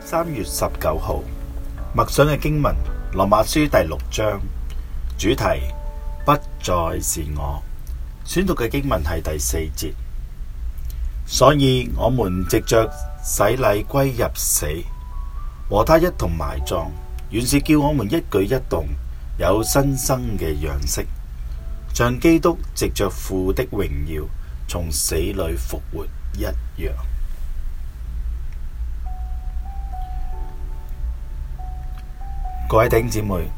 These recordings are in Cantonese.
三月十九號默想嘅經文《羅馬書》第六章，主題，不再是我。宣讀嘅經文係第四節，所以我們藉着洗禮歸入死，和他一同埋葬，原是叫我們一舉一動有新生嘅樣式，像基督藉着父的榮耀從死裏復活一樣。各位弟兄姊妹，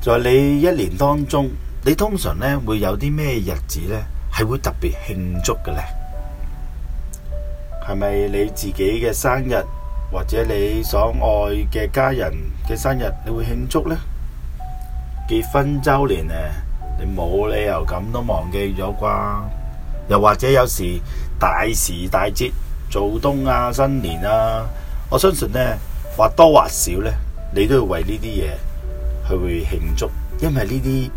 在你一年當中，你通常呢會有啲咩日子呢，係會特別慶祝嘅呢？係咪你自己嘅生日？或者你所愛嘅家人嘅生日，你會慶祝呢？結婚周年呢，你冇理由咁都忘記咗啩？又或者有時大時大節，做冬啊、新年啊，我相信呢，或多或少呢，你都要為呢啲嘢去會慶祝，因為呢啲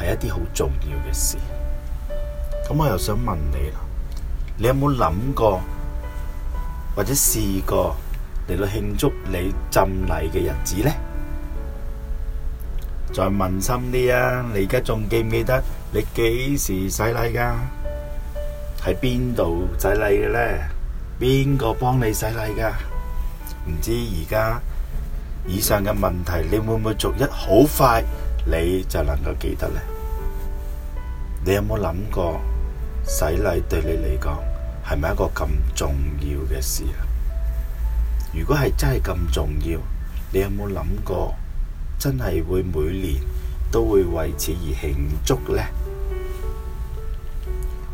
係一啲好重要嘅事。咁我又想問你啦，你有冇諗過或者試過？嚟到慶祝你浸禮嘅日子呢，再問心啲啊！你而家仲記唔記得你幾時洗禮噶？喺邊度洗禮嘅呢？邊個幫你洗禮噶？唔知而家以上嘅問題，你會唔會逐一好快你就能夠記得呢？你有冇諗過洗禮對你嚟講係咪一個咁重要嘅事啊？如果係真係咁重要，你有冇諗過真係會每年都會為此而慶祝呢？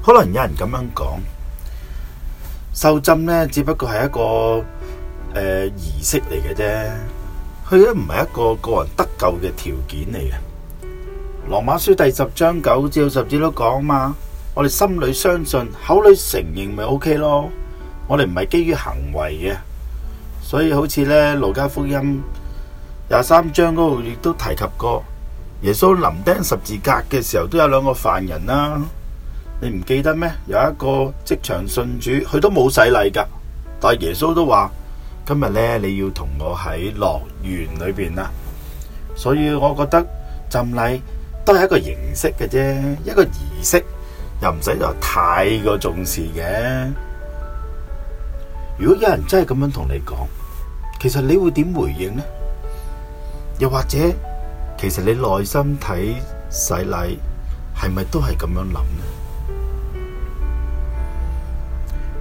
可能有人咁樣講，受浸呢，只不過係一個誒、呃、儀式嚟嘅啫，佢咧唔係一個個人得救嘅條件嚟嘅。羅馬書第十章九至十節都講嘛，我哋心裏相信，口裏承認咪 O K 咯。我哋唔係基於行為嘅。所以好似咧，《路加福音》廿三章嗰度亦都提及過，耶穌臨釘十字架嘅時候都有兩個犯人啦、啊。你唔記得咩？有一個即場信主，佢都冇洗禮噶，但係耶穌都話：今日咧，你要同我喺樂園裏邊啦。所以我覺得浸禮都係一個形式嘅啫，一個儀式，又唔使話太過重視嘅。如果有人真係咁樣同你講，其實你會點回應呢？又或者，其實你內心睇洗禮係咪都係咁樣諗呢？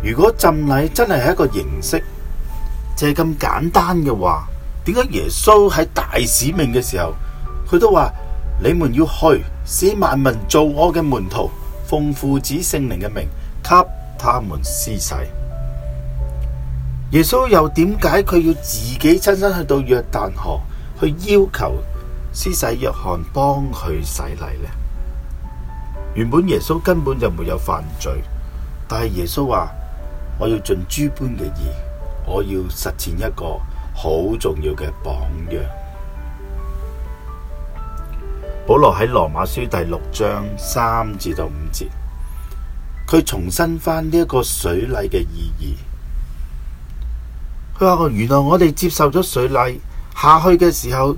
如果浸禮真係係一個形式，就係咁簡單嘅話，點解耶穌喺大使命嘅時候，佢都話你們要去使萬民做我嘅門徒，奉父子聖靈嘅名，給他們施洗？耶穌又點解佢要自己親身去到約旦河，去要求施洗約翰幫佢洗禮呢？原本耶穌根本就沒有犯罪，但係耶穌話：我要盡諸般嘅義，我要實踐一個好重要嘅榜樣。保羅喺羅馬書第六章三至到五節，佢重申翻呢一個水禮嘅意義。佢話原來我哋接受咗水禮下去嘅時候，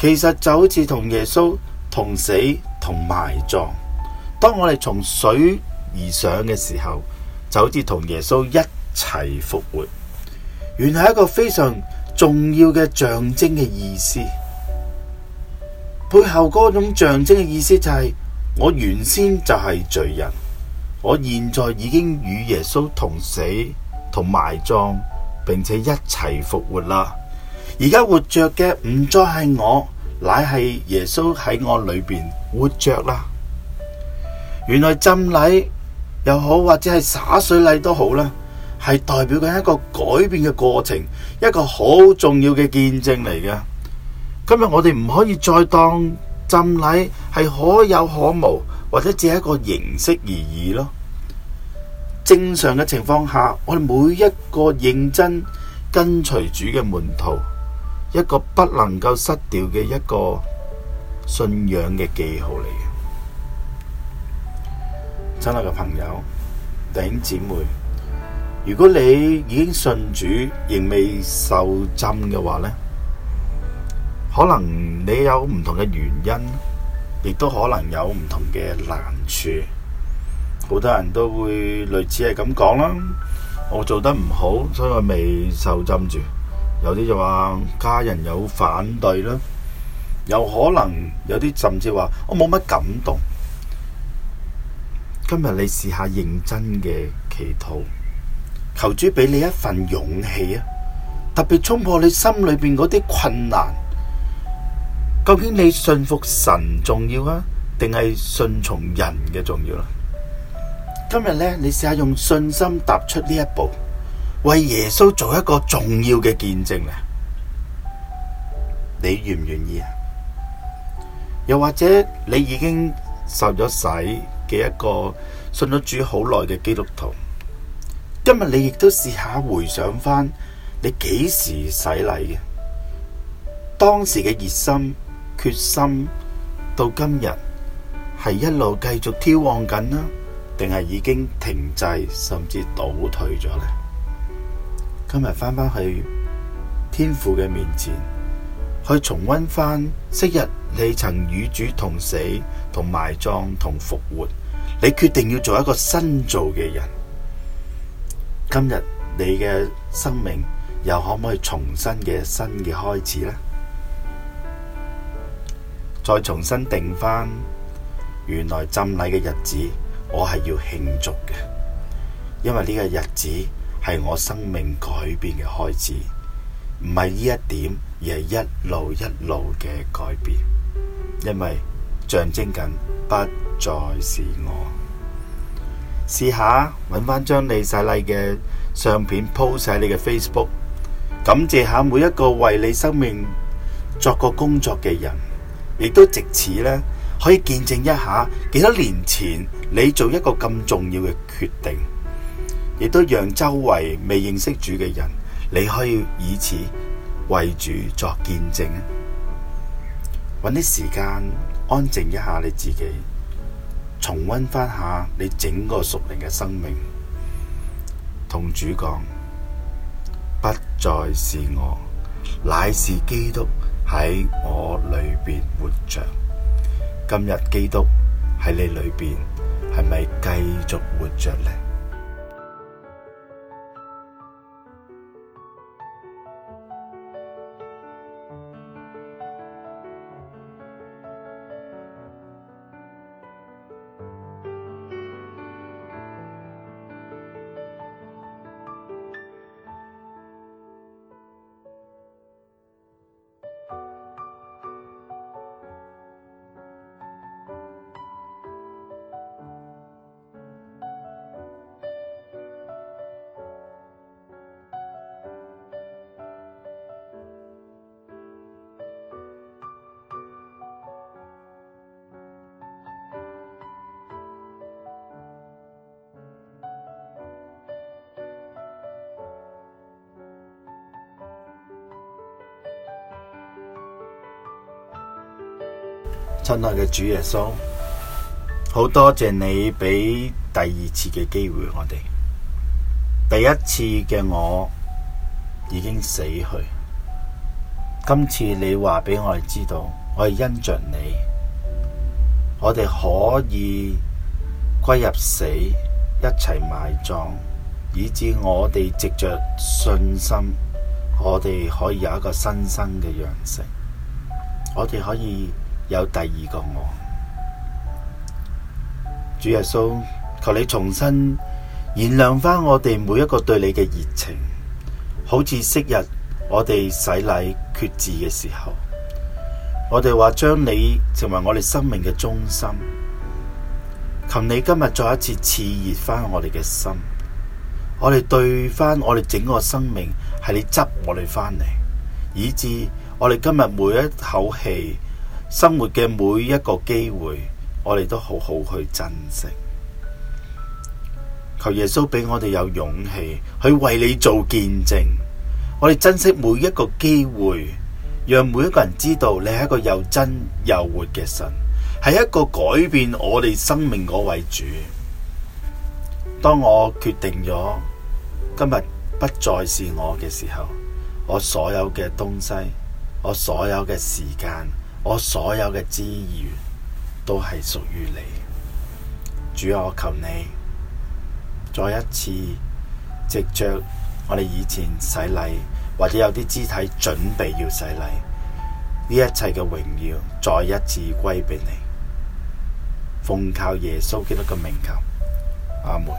其實就好似同耶穌同死同埋葬。當我哋從水而上嘅時候，就好似同耶穌一齊復活。原來係一個非常重要嘅象徵嘅意思。背後嗰種象徵嘅意思就係、是、我原先就係罪人，我現在已經與耶穌同死同埋葬。並且一齊復活啦！而家活着嘅唔再係我，乃係耶穌喺我裏面活着啦。原來浸禮又好，或者係灑水禮都好啦，係代表緊一個改變嘅過程，一個好重要嘅見證嚟嘅。今日我哋唔可以再當浸禮係可有可無，或者只係一個形式而已咯。正常嘅情況下，我哋每一個認真跟隨主嘅門徒，一個不能夠失掉嘅一個信仰嘅記號嚟嘅。親愛嘅朋友、弟兄姊妹，如果你已經信主仍未受浸嘅話呢，可能你有唔同嘅原因，亦都可能有唔同嘅難處。好多人都會類似係咁講啦。我做得唔好，所以我未受浸住。有啲就話家人有反對啦，有可能有啲甚至話我冇乜感動。今日你試下認真嘅祈禱，求主俾你一份勇氣啊！特別衝破你心裏邊嗰啲困難。究竟你信服神重要啊，定係信從人嘅重要啦？今日咧，你試下用信心踏出呢一步，為耶穌做一個重要嘅見證咧。你願唔願意啊？又或者你已經受咗洗嘅一個信咗主好耐嘅基督徒，今日你亦都試下回想返你幾時洗禮嘅，當時嘅熱心決心到今日係一路繼續挑旺緊啦。定係已經停滯，甚至倒退咗呢？今日返返去天父嘅面前，去重溫返昔日你曾與主同死、同埋葬、同復活。你決定要做一個新造嘅人。今日你嘅生命又可唔可以重新嘅新嘅開始呢？再重新定返原來浸禮嘅日子。我係要慶祝嘅，因為呢個日子係我生命改變嘅開始，唔係呢一點，而係一路一路嘅改變，因為象徵緊不再是我。試下搵翻張你細麗嘅相片，post 晒你嘅 Facebook，感謝下每一個為你生命作過工作嘅人，亦都借此呢。可以見證一下幾多年前你做一個咁重要嘅決定，亦都讓周圍未認識主嘅人，你可以以此為主作見證啊！揾啲時間安靜一下你自己，重温翻下你整個屬靈嘅生命，同主講，不再是我，乃是基督喺我裏面活着。今日基督喺你裏邊，係咪繼續活着咧？親愛嘅主耶穌，好多謝你俾第二次嘅機會我哋，第一次嘅我已經死去，今次你話俾我哋知道，我哋因着你，我哋可以歸入死，一齊埋葬，以致我哋藉着信心，我哋可以有一個新生嘅養成，我哋可以。有第二個我，主耶穌，求你重新燃亮翻我哋每一個對你嘅熱情，好似昔日我哋洗禮決志嘅時候，我哋話將你成為我哋生命嘅中心。求你今日再一次熾熱翻我哋嘅心，我哋對翻我哋整個生命係你執我哋翻嚟，以至我哋今日每一口氣。生活嘅每一個機會，我哋都好好去珍惜。求耶穌俾我哋有勇氣去為你做見證。我哋珍惜每一個機會，讓每一個人知道你係一個又真又活嘅神，係一個改變我哋生命嗰位主。當我決定咗今日不再是我嘅時候，我所有嘅東西，我所有嘅時間。我所有嘅資源都係屬於你，主，我求你再一次藉着我哋以前洗禮，或者有啲肢體準備要洗禮，呢一切嘅榮耀再一次歸畀你，奉靠耶穌基督嘅名求，阿門。